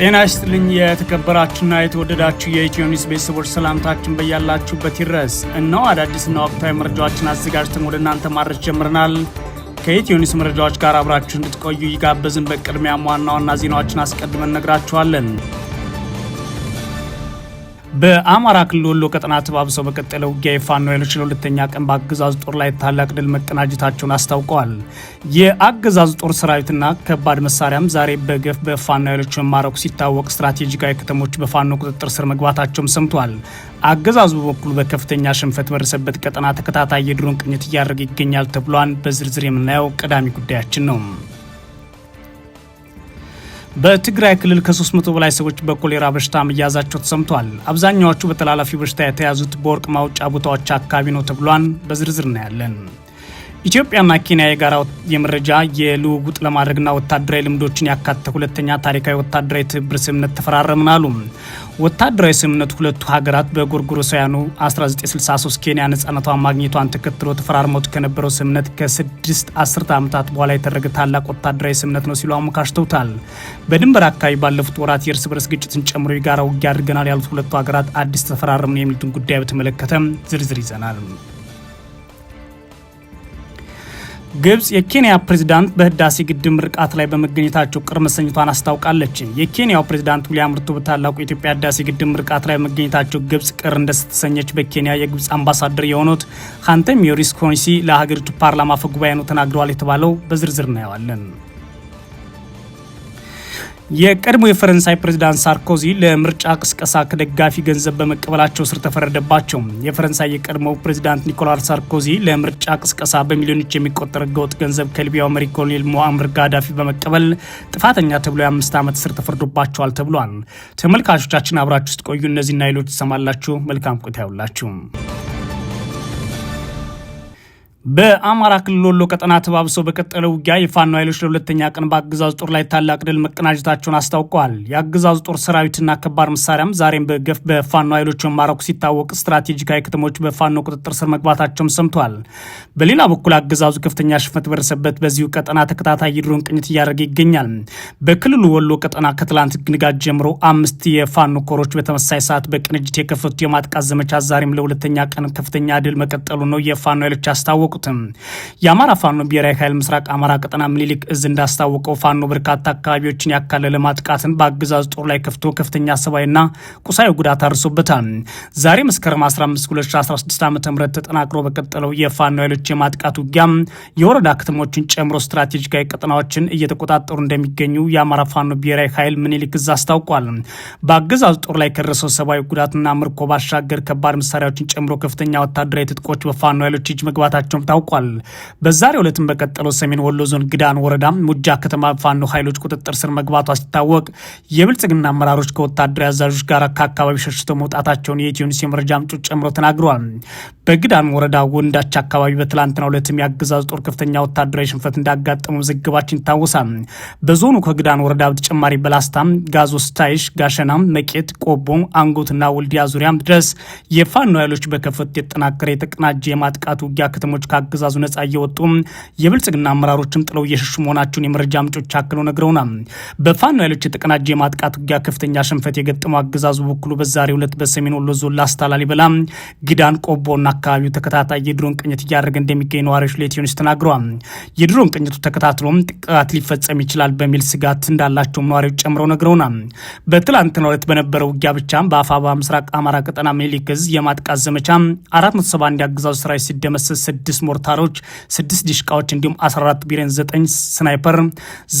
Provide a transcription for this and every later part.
ጤና ይስጥልኝ የተከበራችሁና የተወደዳችሁ የኢትዮ ኒውስ ቤተሰቦች ሰላምታችን በያላችሁበት ይድረስ። እነሆ አዳዲስና ወቅታዊ መረጃዎችን አዘጋጅተን ወደ እናንተ ማድረስ ጀምረናል። ከኢትዮ ኒውስ መረጃዎች ጋር አብራችሁ እንድትቆዩ ይጋበዝን። በቅድሚያ ዋና ዋና ዜናዎችን አስቀድመን እነግራችኋለን። በአማራ ክልል ወሎ ቀጠና ተባብሰው በቀጠለው ውጊያ የፋኖ ኃይሎች ለሁለተኛ ቀን በአገዛዙ ጦር ላይ ታላቅ ድል መቀናጀታቸውን አስታውቀዋል። የአገዛዙ ጦር ሰራዊትና ከባድ መሳሪያም ዛሬ በገፍ በፋኖ ኃይሎች መማረኩ ሲታወቅ፣ ስትራቴጂካዊ ከተሞች በፋኖ ቁጥጥር ስር መግባታቸውም ሰምቷል። አገዛዙ በበኩሉ በከፍተኛ ሽንፈት በደረሰበት ቀጠና ተከታታይ የድሮን ቅኝት እያደረገ ይገኛል ተብሏን በዝርዝር የምናየው ቀዳሚ ጉዳያችን ነው። በትግራይ ክልል ከ300 በላይ ሰዎች በኮሌራ በሽታ መያዛቸው ተሰምቷል። አብዛኛዎቹ በተላላፊ በሽታ የተያዙት በወርቅ ማውጫ ቦታዎች አካባቢ ነው ተብሏን። በዝርዝር እናያለን። ኢትዮጵያና ኬንያ የጋራ የመረጃ የልውውጥ ለማድረግና ወታደራዊ ልምዶችን ያካተተ ሁለተኛ ታሪካዊ ወታደራዊ ትብብር ስምምነት ተፈራረምን አሉ። ወታደራዊ ስምነት ሁለቱ ሀገራት በጎርጎሮሳውያኑ 1963 ኬንያ ነጻነቷን ማግኘቷን ተከትሎ ተፈራርመቱ ከነበረው ስምምነት ከስድስት አስርተ ዓመታት በኋላ የተደረገ ታላቅ ወታደራዊ ስምምነት ነው ሲሉ አሞካሽተውታል። በድንበር አካባቢ ባለፉት ወራት የእርስ በርስ ግጭትን ጨምሮ የጋራ ውጊያ አድርገናል ያሉት ሁለቱ ሀገራት አዲስ ተፈራረምን የሚሉትን ጉዳይ በተመለከተ ዝርዝር ይዘናል። ግብጽ የኬንያ ፕሬዝዳንት በህዳሴ ግድብ ምርቃት ላይ በመገኘታቸው ቅር መሰኝቷን አስታውቃለች። የኬንያው ፕሬዝዳንት ዊሊያም ሩቶ በታላቁ የኢትዮጵያ ህዳሴ ግድብ ምርቃት ላይ በመገኘታቸው ግብጽ ቅር እንደስተሰኘች በኬንያ የግብጽ አምባሳደር የሆኑት ሃንተም ዮሪስ ኮንሲ ለሀገሪቱ ፓርላማ አፈ ጉባኤ ነው ተናግረዋል የተባለው በዝርዝር እናየዋለን። የቀድሞ የፈረንሳይ ፕሬዚዳንት ሳርኮዚ ለምርጫ ቅስቀሳ ከደጋፊ ገንዘብ በመቀበላቸው ስር ተፈረደባቸው። የፈረንሳይ የቀድሞ ፕሬዚዳንት ኒኮላስ ሳርኮዚ ለምርጫ ቅስቀሳ በሚሊዮኖች የሚቆጠር ህገወጥ ገንዘብ ከሊቢያው መሪ ኮሎኔል ሞአምር ጋዳፊ በመቀበል ጥፋተኛ ተብሎ የአምስት ዓመት ስር ተፈርዶባቸዋል ተብሏል። ተመልካቾቻችን አብራችሁ ውስጥ ቆዩ። እነዚህና ሌሎች ትሰማላችሁ። መልካም ቆይታ ይሁንላችሁ። በአማራ ክልል ወሎ ቀጠና ተባብሰው በቀጠለ ውጊያ የፋኖ ኃይሎች ለሁለተኛ ቀን በአገዛዙ ጦር ላይ ታላቅ ድል መቀናጀታቸውን አስታውቀዋል። የአገዛዙ ጦር ሰራዊትና ከባድ መሳሪያም ዛሬም በገፍ በፋኖ ኃይሎች መማረኩ ሲታወቅ፣ ስትራቴጂካዊ ከተሞች በፋኖ ቁጥጥር ስር መግባታቸውም ሰምቷል። በሌላ በኩል አገዛዙ ከፍተኛ ሽፈት በደረሰበት በዚሁ ቀጠና ተከታታይ የድሮን ቅኝት እያደረገ ይገኛል። በክልሉ ወሎ ቀጠና ከትላንት ንጋት ጀምሮ አምስት የፋኖ ኮሮች በተመሳሳይ ሰዓት በቅንጅት የከፈቱት የማጥቃት ዘመቻ ዛሬም ለሁለተኛ ቀን ከፍተኛ ድል መቀጠሉ ነው የፋኖ ኃይሎች አስታወቁ። አላሳወቁትም። የአማራ ፋኖ ብሔራዊ ኃይል ምስራቅ አማራ ቀጠና ምኒልክ እዝ እንዳስታወቀው ፋኖ በርካታ አካባቢዎችን ያካለለ ማጥቃትን በአግዛዝ ጦር ላይ ከፍቶ ከፍተኛ ሰብአዊና ቁሳዊ ጉዳት አድርሶበታል። ዛሬ መስከረም 15 2016 ዓ ም ተጠናክሮ በቀጠለው የፋኖ ኃይሎች የማጥቃት ውጊያ የወረዳ ከተሞችን ጨምሮ ስትራቴጂካዊ ቀጠናዎችን እየተቆጣጠሩ እንደሚገኙ የአማራ ፋኖ ብሔራዊ ኃይል ምኒልክ እዝ አስታውቋል። በአገዛዙ ጦር ላይ ከደረሰው ሰብአዊ ጉዳትና ምርኮ ባሻገር ከባድ መሳሪያዎችን ጨምሮ ከፍተኛ ወታደራዊ ትጥቆች በፋኖ ኃይሎች እጅ መግባታቸውን ታውቋል። በዛሬው ዕለትም በቀጠለው ሰሜን ወሎ ዞን ግዳን ወረዳ ሙጃ ከተማ ፋኖ ኃይሎች ቁጥጥር ስር መግባቷ ሲታወቅ የብልጽግና አመራሮች ከወታደራዊ አዛዦች ጋር ከአካባቢ ሸሽተው መውጣታቸውን የኢትዮኒስ የመረጃ ምንጮች ጨምሮ ተናግረዋል። በግዳን ወረዳ ወንዳች አካባቢ በትላንትናው ዕለትም የአገዛዙ ጦር ከፍተኛ ወታደራዊ ሽንፈት እንዳጋጠመው ዘገባችን ይታወሳል። በዞኑ ከግዳን ወረዳ በተጨማሪ በላስታ ጋዞ፣ ስታይሽ፣ ጋሸና፣ መቄት፣ ቆቦ፣ አንጎትና ወልዲያ ዙሪያም ድረስ የፋኖ ኃይሎች በከፈት የተጠናከረ የተቀናጀ የማጥቃት ውጊያ ከተሞች ከአገዛዙ ነጻ እየወጡ የብልጽግና አመራሮችም ጥለው እየሸሹ መሆናቸውን የመረጃ ምንጮች አክለው ነግረውናል። በፋኖ ኃይሎች የተቀናጀ የማጥቃት ውጊያ ከፍተኛ ሽንፈት የገጠመው አገዛዙ በኩሉ በዛሬው ዕለት በሰሜን ወሎ ዞን ላስታ ላሊበላ፣ ግዳን፣ ቆቦና አካባቢው ተከታታይ የድሮን ቅኝት እያደረገ እንደሚገኝ ነዋሪዎች ለኢትዮኒስ ተናግረዋል። የድሮን ቅኝቱ ተከታትሎም ጥቃት ሊፈጸም ይችላል በሚል ስጋት እንዳላቸውም ነዋሪዎች ጨምረው ነግረውናል። በትላንትናው ዕለት በነበረው ውጊያ ብቻ በአፋባ ምስራቅ አማራ ቀጠና ሜሊክዝ የማጥቃት ዘመቻ 471 የአገዛዙ ሰራዊት ሲደመሰስ ስድስት ሞርታሮች፣ ስድስት ዲሽቃዎች እንዲሁም 14 ቢሬን፣ ዘጠኝ ስናይፐር፣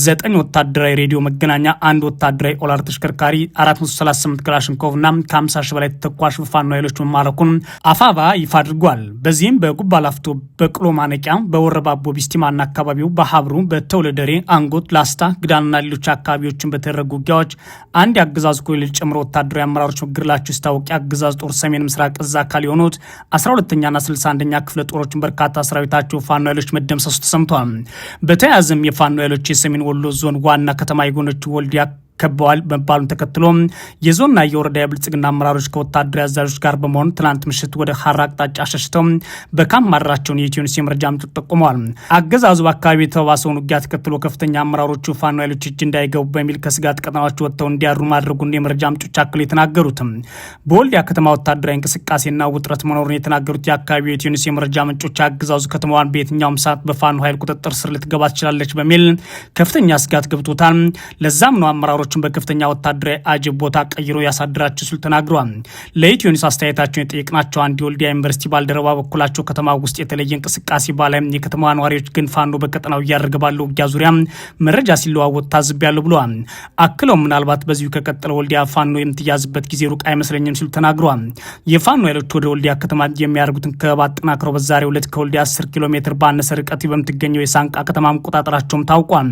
ዘጠኝ ወታደራዊ ሬዲዮ መገናኛ፣ አንድ ወታደራዊ ኦላር ተሽከርካሪ፣ 438 ክላሽንኮቭ እና ከ50 ሺ በላይ ተኳሽ በፋኖ ኃይሎች መማረኩን አፋባ ይፋ አድርጓል። በዚህም በጉባ ላፍቶ፣ በቅሎ ማነቂያ፣ በወረባቦ ቢስቲማና አካባቢው፣ በሀብሩ፣ በተውለደሬ፣ አንጎት፣ ላስታ፣ ግዳንና ሌሎች አካባቢዎችን በተደረጉ ውጊያዎች አንድ የአገዛዙ ኮሎኔል ጨምሮ ወታደራዊ አመራሮች መገደላቸው ሲታወቅ የአገዛዙ ጦር ሰሜን ምስራቅ እዝ አካል የሆኑት 12ኛና 61ኛ ክፍለ ጦሮችን በርካታ በርካታ ሰራዊታቸው ፋኖ ኃይሎች መደምሰሱ ተሰምቷል። በተያያዘም የፋኖ ኃይሎች የሰሜን ወሎ ዞን ዋና ከተማ የሆነችው ወልዲያ ከበዋል መባሉን ተከትሎ የዞንና የወረዳ የብልጽግና አመራሮች ከወታደራዊ አዛዦች ጋር በመሆኑ ትናንት ምሽት ወደ ሀራ አቅጣጫ ሸሽተው በካም ማድራቸውን የኢትዮኒስ የመረጃ ምንጮች ጠቁመዋል። አገዛዙ በአካባቢ የተባባሰውን ውጊያ ተከትሎ ከፍተኛ አመራሮቹ ፋኖ ኃይሎች እጅ እንዳይገቡ በሚል ከስጋት ቀጠናዎች ወጥተው እንዲያሩ ማድረጉን የመረጃ ምንጮች አክሎ የተናገሩትም በወልዲያ ከተማ ወታደራዊ እንቅስቃሴና ውጥረት መኖሩን የተናገሩት የአካባቢው የኢትዮኒስ የመረጃ ምንጮች አገዛዙ ከተማዋን በየትኛውም ሰዓት በፋኖ ኃይል ቁጥጥር ስር ልትገባ ትችላለች በሚል ከፍተኛ ስጋት ገብቶታል። ለዛም ነው አመራሮች አመራሮችን በከፍተኛ ወታደራዊ አጀብ ቦታ ቀይሮ ያሳድራቸው ሲል ተናግረዋል። ለኢትዮኒስ አስተያየታቸውን የጠየቅናቸው አንድ የወልዲያ ዩኒቨርሲቲ ባልደረባ በኩላቸው ከተማ ውስጥ የተለየ እንቅስቃሴ ባለም የከተማ ነዋሪዎች ግን ፋኖ በቀጠናው እያደረገ ባለው ውጊያ ዙሪያ መረጃ ሲለዋወጥ ታዝቤያለሁ ብለዋል። አክለው ምናልባት በዚሁ ከቀጠለ ወልዲያ ፋኖ የምትያዝበት ጊዜ ሩቅ አይመስለኝም ሲሉ ተናግረዋል። የፋኖ ኃይሎች ወደ ወልዲያ ከተማ የሚያደርጉትን ከበባ አጠናክረው በዛሬው ዕለት ከወልዲያ 10 ኪሎ ሜትር ባነሰ ርቀት በምትገኘው የሳንቃ ከተማ መቆጣጠራቸውም ታውቋል።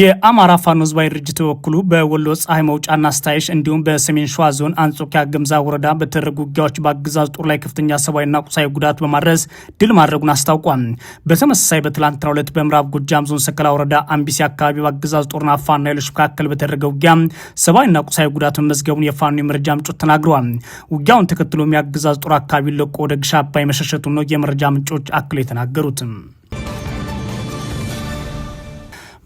የአማራ ፋኖ ህዝባዊ ድርጅት በበኩሉ በወሎ ፀሐይ መውጫና አስታይሽ እንዲሁም በሰሜን ሸዋ ዞን አንጾኪያ ግምዛ ወረዳ በተደረጉ ውጊያዎች በአገዛዝ ጦር ላይ ከፍተኛ ሰብአዊና ቁሳዊ ጉዳት በማድረስ ድል ማድረጉን አስታውቋል። በተመሳሳይ በትላንትና ሁለት በምዕራብ ጎጃም ዞን ሰከላ ወረዳ አምቢሲ አካባቢ በአገዛዝ ጦርና ፋኖ ኃይሎች መካከል በተደረገ ውጊያ ሰብአዊና ቁሳዊ ጉዳት መመዝገቡን የፋኖ የመረጃ ምንጮች ተናግረዋል። ውጊያውን ተከትሎም የአገዛዝ ጦር አካባቢ ለቆ ወደ ግሻ አባይ መሸሸቱን ነው የመረጃ ምንጮች አክሎ የተናገሩትም።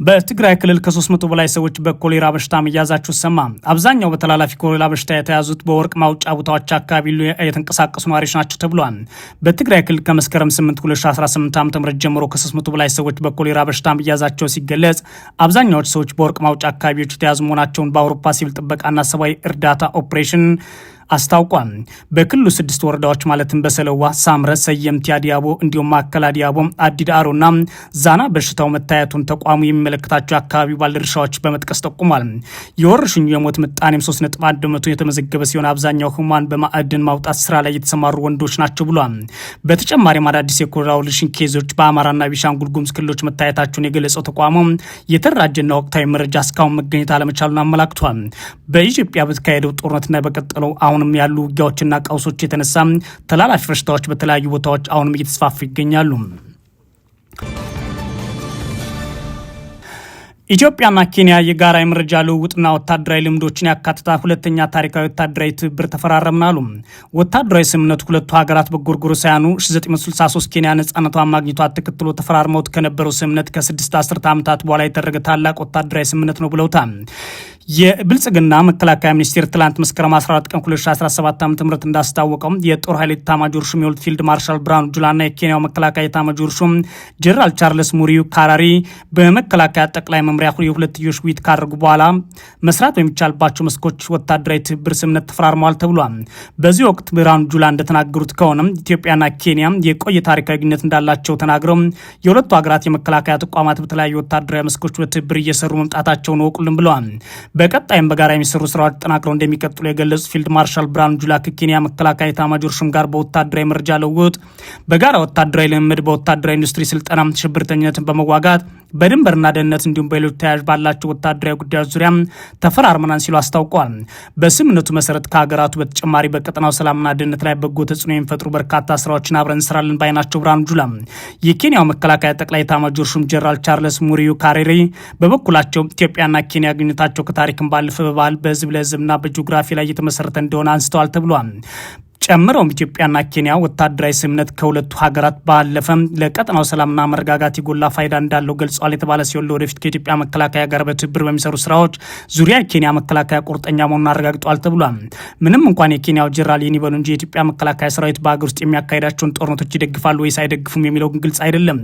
በትግራይ ክልል ከ300 በላይ ሰዎች በኮሌራ በሽታ መያዛቸው ሰማ። አብዛኛው በተላላፊ ኮሌራ በሽታ የተያዙት በወርቅ ማውጫ ቦታዎች አካባቢ የተንቀሳቀሱ ነዋሪዎች ናቸው ተብሏል። በትግራይ ክልል ከመስከረም 8 2018 ዓ ም ጀምሮ ከ300 በላይ ሰዎች በኮሌራ በሽታ መያዛቸው ሲገለጽ አብዛኛዎቹ ሰዎች በወርቅ ማውጫ አካባቢዎች የተያዙ መሆናቸውን በአውሮፓ ሲቪል ጥበቃና ሰብአዊ እርዳታ ኦፕሬሽን አስታውቋል። በክልሉ ስድስት ወረዳዎች ማለትም በሰለዋ፣ ሳምረ፣ ሰየምቲ፣ አዲያቦ እንዲሁም ማዕከል አዲያቦ፣ አዲዳአሮና ዛና በሽታው መታየቱን ተቋሙ የሚመለከታቸው አካባቢው ባለድርሻዎች በመጥቀስ ጠቁሟል። የወረርሽኙ የሞት ምጣኔም 3.1 በመቶ የተመዘገበ ሲሆን አብዛኛው ህሙማን በማዕድን ማውጣት ስራ ላይ የተሰማሩ ወንዶች ናቸው ብሏል። በተጨማሪም አዳዲስ የኮሌራ ወረርሽኝ ኬዞች በአማራና ቢሻንጉል ጉሙዝ ክልሎች መታየታቸውን የገለጸው ተቋሙ የተደራጀና ወቅታዊ መረጃ እስካሁን መገኘት አለመቻሉን አመላክቷል። በኢትዮጵያ በተካሄደው ጦርነትና በቀጠለው አሁን አሁንም ያሉ ውጊያዎችና ቀውሶች የተነሳ ተላላፊ በሽታዎች በተለያዩ ቦታዎች አሁንም እየተስፋፉ ይገኛሉ። ኢትዮጵያና ኬንያ የጋራ የመረጃ ልውውጥና ወታደራዊ ልምዶችን ያካትታ ሁለተኛ ታሪካዊ ወታደራዊ ትብብር ተፈራረምን አሉ። ወታደራዊ ስምምነቱ ሁለቱ ሀገራት በጎርጎሮሳውያኑ 1963 ኬንያ ነጻነቷን ማግኘቷ ተከትሎ ተፈራርመውት ከነበረው ስምምነት ከስድስት አስርተ ዓመታት በኋላ የተደረገ ታላቅ ወታደራዊ ስምምነት ነው ብለውታል። የብልጽግና መከላከያ ሚኒስቴር ትላንት መስከረም 14 ቀን 2017 ዓ ም እንዳስታወቀው የጦር ኃይል ኤታማዦር ሹም የሆኑት ፊልድ ማርሻል ብርሃኑ ጁላና የኬንያው መከላከያ ኤታማዦር ሹም ጀነራል ቻርልስ ሙሪዩ ካራሪ በመከላከያ ጠቅላይ መምሪያ የሁለትዮሽ ውይይት ካደረጉ በኋላ መስራት በሚቻልባቸው መስኮች ወታደራዊ ትብብር ስምነት ተፈራርመዋል ተብሏል። በዚህ ወቅት ብርሃኑ ጁላ እንደተናገሩት ከሆነ ኢትዮጵያና ኬንያ የቆየ ታሪካዊ ግንኙነት እንዳላቸው ተናግረው የሁለቱ ሀገራት የመከላከያ ተቋማት በተለያዩ ወታደራዊ መስኮች በትብብር እየሰሩ መምጣታቸውን ወቁልን ብለዋል። በቀጣይም በጋራ የሚሰሩ ስራዎች ተጠናክረው እንደሚቀጥሉ የገለጹት ፊልድ ማርሻል ብርሃኑ ጁላ ከኬንያ መከላከያ ኤታማዦር ሹም ጋር በወታደራዊ መረጃ ልውውጥ፣ በጋራ ወታደራዊ ልምምድ፣ በወታደራዊ ኢንዱስትሪ ስልጠና፣ ሽብርተኝነትን በመዋጋት በድንበርና ደህንነት እንዲሁም በሌሎች ተያያዥ ባላቸው ወታደራዊ ጉዳዮች ዙሪያ ተፈራርመናን ሲሉ አስታውቀዋል። በስምምነቱ መሰረት ከሀገራቱ በተጨማሪ በቀጠናው ሰላምና ደህንነት ላይ በጎ ተጽዕኖ የሚፈጥሩ በርካታ ስራዎችን አብረን እንሰራለን ባይ ናቸው ብርሃኑ ጁላ። የኬንያው መከላከያ ጠቅላይ ኤታማዦር ሹም ጀነራል ቻርለስ ሙሪዩ ካሬሪ በበኩላቸው ኢትዮጵያና ኬንያ ግንኙነታቸው ከታሪክም ባለፈ በባህል በህዝብ ለህዝብና በጂኦግራፊ ላይ የተመሰረተ እንደሆነ አንስተዋል ተብሏል። ጨምረውም ኢትዮጵያና ኬንያ ወታደራዊ ስምምነት ከሁለቱ ሀገራት ባለፈም ለቀጠናው ሰላምና መረጋጋት የጎላ ፋይዳ እንዳለው ገልጿል የተባለ ሲሆን ለወደፊት ከኢትዮጵያ መከላከያ ጋር በትብብር በሚሰሩ ስራዎች ዙሪያ የኬንያ መከላከያ ቁርጠኛ መሆኑን አረጋግጧል ተብሏል። ምንም እንኳን የኬንያው ጀራል የኒበሉ እንጂ የኢትዮጵያ መከላከያ ሰራዊት በሀገር ውስጥ የሚያካሄዳቸውን ጦርነቶች ይደግፋሉ ወይስ አይደግፉም የሚለው ግን ግልጽ አይደለም።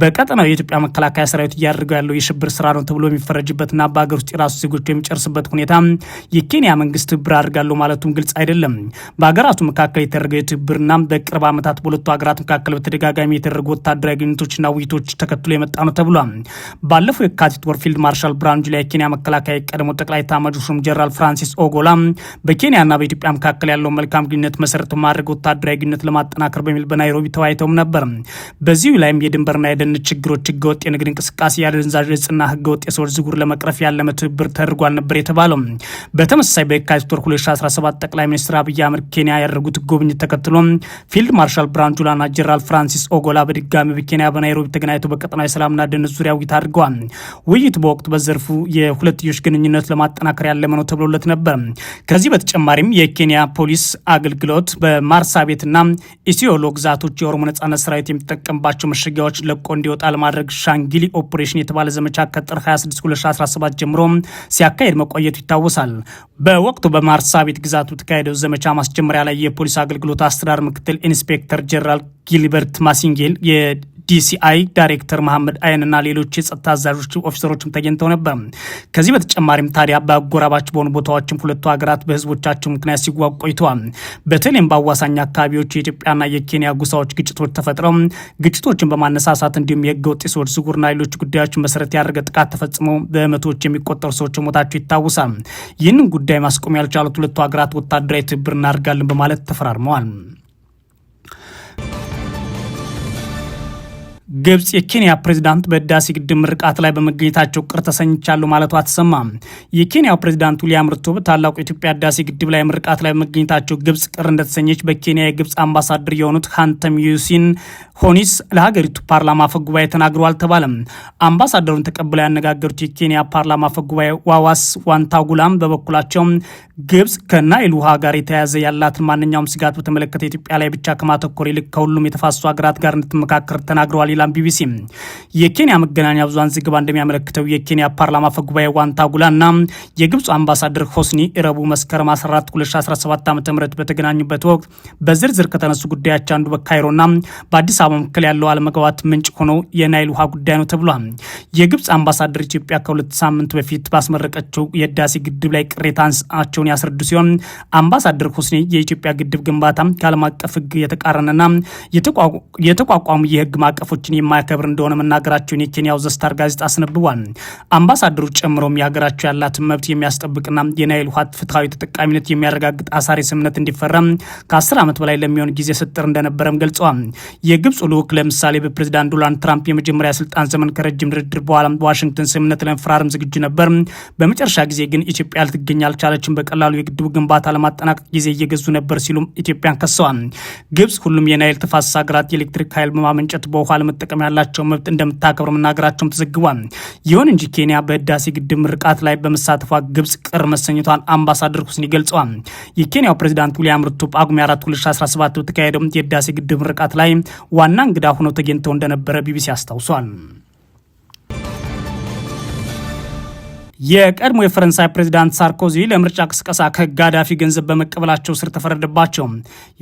በቀጠናው የኢትዮጵያ መከላከያ ሰራዊት እያደርገው ያለው የሽብር ስራ ነው ተብሎ የሚፈረጅበትና በሀገር ውስጥ የራሱ ዜጎች የሚጨርስበት ሁኔታ የኬንያ መንግስት ትብብር አድርጋለሁ ማለቱም ግልጽ አይደለም። በሀገራቱ መካ መካከል የተደረገው የትብብርና በቅርብ ዓመታት በሁለቱ ሀገራት መካከል በተደጋጋሚ የተደረጉ ወታደራዊ ግንኙነቶችና ውይይቶች ተከትሎ የመጣ ነው ተብሏል። ባለፈው የካቲት ወር ፊልድ ማርሻል ብርሃኑ ጁላ የኬንያ መከላከያ የቀድሞ ጠቅላይ ኤታማዦር ሹም ጀነራል ፍራንሲስ ኦጎላ በኬንያና በኢትዮጵያ መካከል ያለው መልካም ግንኙነት መሰረት ማድረግ ወታደራዊ ግንኙነት ለማጠናከር በሚል በናይሮቢ ተወያይተውም ነበር። በዚሁ ላይም የድንበርና የደህንነት ችግሮች፣ ህገወጥ የንግድ እንቅስቃሴ፣ የአደንዛዥ ዕፅና ህገወጥ የሰዎች ዝውውር ለመቅረፍ ያለመ ትብብር ተደርጓል ነበር የተባለው። በተመሳሳይ በየካቲት ወር 2017 ጠቅላይ ሚኒስትር አብይ አህመድ ኬንያ ያደረጉ ያደረጉት ጉብኝት ተከትሎ ፊልድ ማርሻል ብርሃኑ ጁላና ጀነራል ፍራንሲስ ኦጎላ በድጋሚ በኬንያ በናይሮቢ ተገናኝተው በቀጠናዊ ሰላምና ደህንነት ዙሪያ ውይይት አድርገዋል። ውይይቱ በወቅቱ በዘርፉ የሁለትዮሽ ግንኙነት ለማጠናከር ያለመ ነው ተብሎለት ነበር። ከዚህ በተጨማሪም የኬንያ ፖሊስ አገልግሎት በማርሳቤትና ኢሲዮሎ ግዛቶች የኦሮሞ ነጻነት ሰራዊት የሚጠቀምባቸው መሸጊያዎች ለቆ እንዲወጣ ለማድረግ ሻንጊሊ ኦፕሬሽን የተባለ ዘመቻ ከጥር 26 2017 ጀምሮ ሲያካሄድ መቆየቱ ይታወሳል። በወቅቱ በማርሳቤት ግዛቱ ተካሄደው ዘመቻ ማስጀመሪያ ላይ የፖሊስ አገልግሎት አስተዳደር ምክትል ኢንስፔክተር ጀነራል ጊልበርት ማሲንጌል ዲሲአይ ዳይሬክተር መሐመድ አይንና ሌሎች የጸጥታ አዛዦች ኦፊሰሮችም ተገኝተው ነበር። ከዚህ በተጨማሪም ታዲያ በአጎራባች በሆኑ ቦታዎችም ሁለቱ ሀገራት በህዝቦቻቸው ምክንያት ሲዋጉ ቆይተዋል። በተለይም በአዋሳኝ አካባቢዎች የኢትዮጵያና የኬንያ ጉሳዎች ግጭቶች ተፈጥረው ግጭቶችን በማነሳሳት እንዲሁም የህገወጥ ወጥ ዝውውርና ሌሎች ጉዳዮች መሰረት ያደረገ ጥቃት ተፈጽሞ በመቶዎች የሚቆጠሩ ሰዎች ሞታቸው ይታወሳል። ይህንን ጉዳይ ማስቆም ያልቻሉት ሁለቱ ሀገራት ወታደራዊ ትብብር እናደርጋለን በማለት ተፈራርመዋል። ግብጽ የኬንያ ፕሬዚዳንት በህዳሴ ግድብ ምርቃት ላይ በመገኘታቸው ቅር ተሰኝቻለሁ ማለቱ አትሰማም። የኬንያው ፕሬዚዳንት ዊልያም ሩቶ በታላቁ የኢትዮጵያ ህዳሴ ግድብ ላይ ምርቃት ላይ በመገኘታቸው ግብጽ ቅር እንደተሰኘች በኬንያ የግብጽ አምባሳደር የሆኑት ሃንተም ዩሲን ሆኒስ ለሀገሪቱ ፓርላማ አፈጉባኤ ተናግሮ አልተባለም። አምባሳደሩን ተቀብለው ያነጋገሩት የኬንያ ፓርላማ ጉባኤ ዋዋስ ዋንታጉላም በበኩላቸው ግብጽ ከናይል ውሃ ጋር የተያያዘ ያላትን ማንኛውም ስጋት በተመለከተ ኢትዮጵያ ላይ ብቻ ከማተኮር ይልቅ ከሁሉም የተፋሰሱ ሀገራት ጋር እንድትመካከር ተናግረዋል ይላም ቢቢሲ። የኬንያ መገናኛ ብዙሃን ዘገባ እንደሚያመለክተው የኬንያ ፓርላማ አፈ ጉባኤ ዋንታጉላና የግብፁ አምባሳደር ሆስኒ ረቡ መስከረም 14 2017 ዓ ም በተገናኙበት ወቅት በዝርዝር ከተነሱ ጉዳዮች አንዱ በካይሮና በአዲስ አበባ መካከል ያለው አለመግባባት ምንጭ ሆኖ የናይል ውሃ ጉዳይ ነው ተብሏል። የግብፅ አምባሳደር ኢትዮጵያ ከሁለት ሳምንት በፊት ባስመረቀችው የህዳሴ ግድብ ላይ ቅሬታ አንስቸው መሆናቸውን ያስረዱ ሲሆን አምባሳደር ሁስኒ የኢትዮጵያ ግድብ ግንባታ ከዓለም አቀፍ ሕግ የተቃረነና የተቋቋሙ የሕግ ማቀፎችን የማያከብር እንደሆነ መናገራቸውን የኬንያው ዘስታር ጋዜጣ አስነብቧል። አምባሳደሩ ጨምሮም የሀገራቸው ያላትን መብት የሚያስጠብቅና የናይል ውሃ ፍትሐዊ ተጠቃሚነት የሚያረጋግጥ አሳሪ ስምምነት እንዲፈረም ከአስር ዓመት በላይ ለሚሆን ጊዜ ስጥር እንደነበረም ገልጸዋል። የግብፅ ልዑክ ለምሳሌ በፕሬዚዳንት ዶናልድ ትራምፕ የመጀመሪያ ስልጣን ዘመን ከረጅም ድርድር በኋላ በዋሽንግተን ስምምነት ለመፈራረም ዝግጁ ነበር። በመጨረሻ ጊዜ ግን ኢትዮጵያ ልትገኝ አልቻለችም። በቀ በቀላሉ የግድቡ ግንባታ ለማጠናቀቅ ጊዜ እየገዙ ነበር ሲሉም ኢትዮጵያን ከሰዋል። ግብጽ ሁሉም የናይል ተፋሰስ ሀገራት የኤሌክትሪክ ኃይል በማመንጨት በውሃ ለመጠቀም ያላቸው መብት እንደምታከብር መናገራቸውም ተዘግቧል። ይሁን እንጂ ኬንያ በህዳሴ ግድብ ምርቃት ላይ በመሳተፏ ግብጽ ቅር መሰኘቷን አምባሳደር ሁስኒ ገልጸዋል። የኬንያው ፕሬዚዳንት ዊልያም ሩቶ ጳጉሜ 4 2017 በተካሄደው የህዳሴ ግድብ ምርቃት ላይ ዋና እንግዳ ሆነው ተገኝተው እንደነበረ ቢቢሲ አስታውሷል። የቀድሞ የፈረንሳይ ፕሬዚዳንት ሳርኮዚ ለምርጫ ቅስቀሳ ከጋዳፊ ገንዘብ በመቀበላቸው ስር ተፈረደባቸው።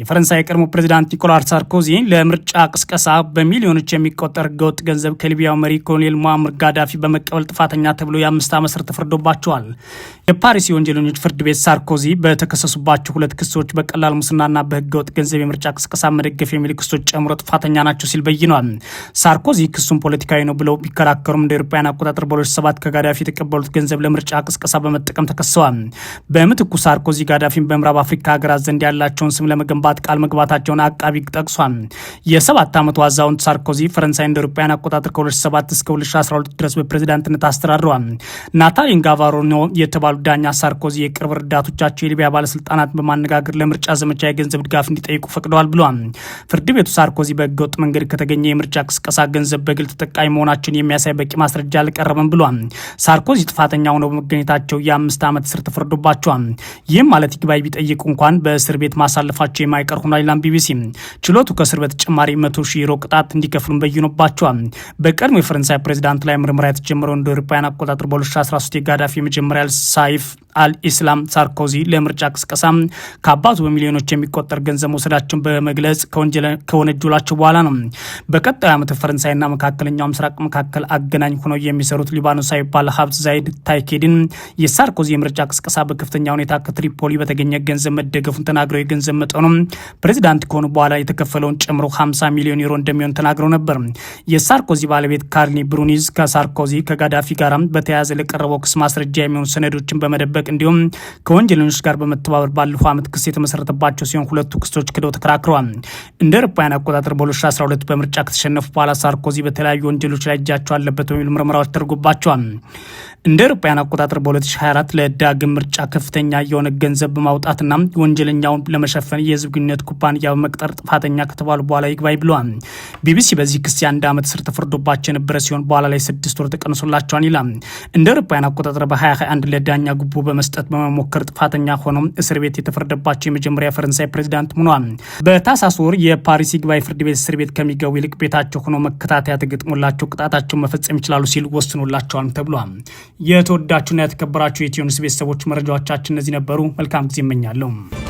የፈረንሳይ የቀድሞ ፕሬዚዳንት ኒኮላስ ሳርኮዚ ለምርጫ ቅስቀሳ በሚሊዮኖች የሚቆጠር ህገወጥ ገንዘብ ከሊቢያው መሪ ኮሎኔል ሙአምር ጋዳፊ በመቀበል ጥፋተኛ ተብሎ የአምስት ዓመት ስር ተፈርዶባቸዋል። የፓሪስ የወንጀለኞች ፍርድ ቤት ሳርኮዚ በተከሰሱባቸው ሁለት ክሶች በቀላል ሙስናና በህገወጥ ገንዘብ የምርጫ ቅስቀሳ መደገፍ የሚል ክሶች ጨምሮ ጥፋተኛ ናቸው ሲል በይኗል። ሳርኮዚ ክሱን ፖለቲካዊ ነው ብለው ቢከራከሩም እንደ አውሮፓውያን አቆጣጠር በሁለት ሰባት ከጋዳፊ የተቀበሉት ገንዘብ ለምርጫ ቅስቀሳ በመጠቀም ተከሰዋል። በምትኩ ሳርኮዚ ጋዳፊን በምዕራብ አፍሪካ ሀገራት ዘንድ ያላቸውን ስም ለመገንባት ቃል መግባታቸውን አቃቢ ጠቅሷል። የሰባት ዓመቱ አዛውንት ሳርኮዚ ፈረንሳይ እንደ አውሮፓውያን አቆጣጠር ከ2007 እስከ 2012 ድረስ በፕሬዚዳንትነት አስተዳድረዋል። ናታሊን ጋቫሮኖ የተባሉ ዳኛ ሳርኮዚ የቅርብ ረዳቶቻቸው የሊቢያ ባለስልጣናት በማነጋገር ለምርጫ ዘመቻ የገንዘብ ድጋፍ እንዲጠይቁ ፈቅደዋል ብሏል። ፍርድ ቤቱ ሳርኮዚ በህገወጥ መንገድ ከተገኘ የምርጫ ቅስቀሳ ገንዘብ በግል ተጠቃሚ መሆናቸውን የሚያሳይ በቂ ማስረጃ አልቀረበም ብሏል። ሳርኮዚ ጥፋት ጥፋተኛ ሆነው በመገኘታቸው የአምስት ዓመት እስር ተፈርዶባቸዋል። ይህም ማለት ይግባኝ ቢጠይቁ እንኳን በእስር ቤት ማሳለፋቸው የማይቀር ሆኗል። ይላል ቢቢሲ። ችሎቱ ከእስር በተጨማሪ መቶ ሺህ ዩሮ ቅጣት እንዲከፍሉም በይኖባቸዋል። በቀድሞ የፈረንሳይ ፕሬዚዳንት ላይ ምርመራ የተጀመረው እንደ አውሮፓውያን አቆጣጠር በ2013 የጋዳፊ የመጀመሪያ ሳይፍ አልኢስላም ሳርኮዚ ለምርጫ ቅስቀሳ ከአባቱ በሚሊዮኖች የሚቆጠር ገንዘብ መውሰዳቸውን በመግለጽ ከወነጀሏቸው በኋላ ነው። በቀጣዩ ዓመት ፈረንሳይና መካከለኛው ምስራቅ መካከል አገናኝ ሆነው የሚሰሩት ሊባኖሳዊ ባለሀብት ዛይድ ታይኬድን የሳርኮዚ የምርጫ ቅስቀሳ በከፍተኛ ሁኔታ ከትሪፖሊ በተገኘ ገንዘብ መደገፉን ተናግረው የገንዘብ መጠኑ ፕሬዚዳንት ከሆኑ በኋላ የተከፈለውን ጨምሮ 50 ሚሊዮን ዩሮ እንደሚሆን ተናግረው ነበር። የሳርኮዚ ባለቤት ካርኒ ብሩኒዝ ከሳርኮዚ ከጋዳፊ ጋራ በተያያዘ ለቀረበው ክስ ማስረጃ የሚሆኑ ሰነዶችን በመደበቅ በማድረግ እንዲሁም ከወንጀለኞች ጋር በመተባበር ባለፈው ዓመት ክስ የተመሰረተባቸው ሲሆን ሁለቱ ክሶች ክደው ተከራክረዋል። እንደ አውሮፓውያን አቆጣጠር በ2012 በምርጫ ከተሸነፉ በኋላ ሳርኮዚ በተለያዩ ወንጀሎች ላይ እጃቸው አለበት በሚሉ ምርመራዎች ተደርጎባቸዋል። እንደ አውሮፓውያን አቆጣጠር በ2024 ለዳግም ምርጫ ከፍተኛ የሆነ ገንዘብ በማውጣትና ወንጀለኛውን ለመሸፈን የህዝብ ግንኙነት ኩባንያ በመቅጠር ጥፋተኛ ከተባሉ በኋላ ይግባኝ ብለዋል። ቢቢሲ በዚህ ክስ የአንድ ዓመት ስር ተፈርዶባቸው የነበረ ሲሆን በኋላ ላይ ስድስት ወር ተቀንሶላቸዋል ይላል። እንደ አውሮፓውያን አቆጣጠር በ2021 ለዳኛ ጉቦ በመስጠት በመሞከር ጥፋተኛ ሆነው እስር ቤት የተፈረደባቸው የመጀመሪያ ፈረንሳይ ፕሬዚዳንት ሆኗል። በታህሳስ ወር የፓሪስ ይግባኝ ፍርድ ቤት እስር ቤት ከሚገቡ ይልቅ ቤታቸው ሆኖ መከታተያ ተገጥሞላቸው ቅጣታቸው መፈጸም ይችላሉ ሲል ወስኖላቸዋል ተብሏል። የተወዳችሁና የተከበራችሁ የኢትዮኒውስ ቤተሰቦች መረጃዎቻችን እነዚህ ነበሩ። መልካም ጊዜ እመኛለሁ።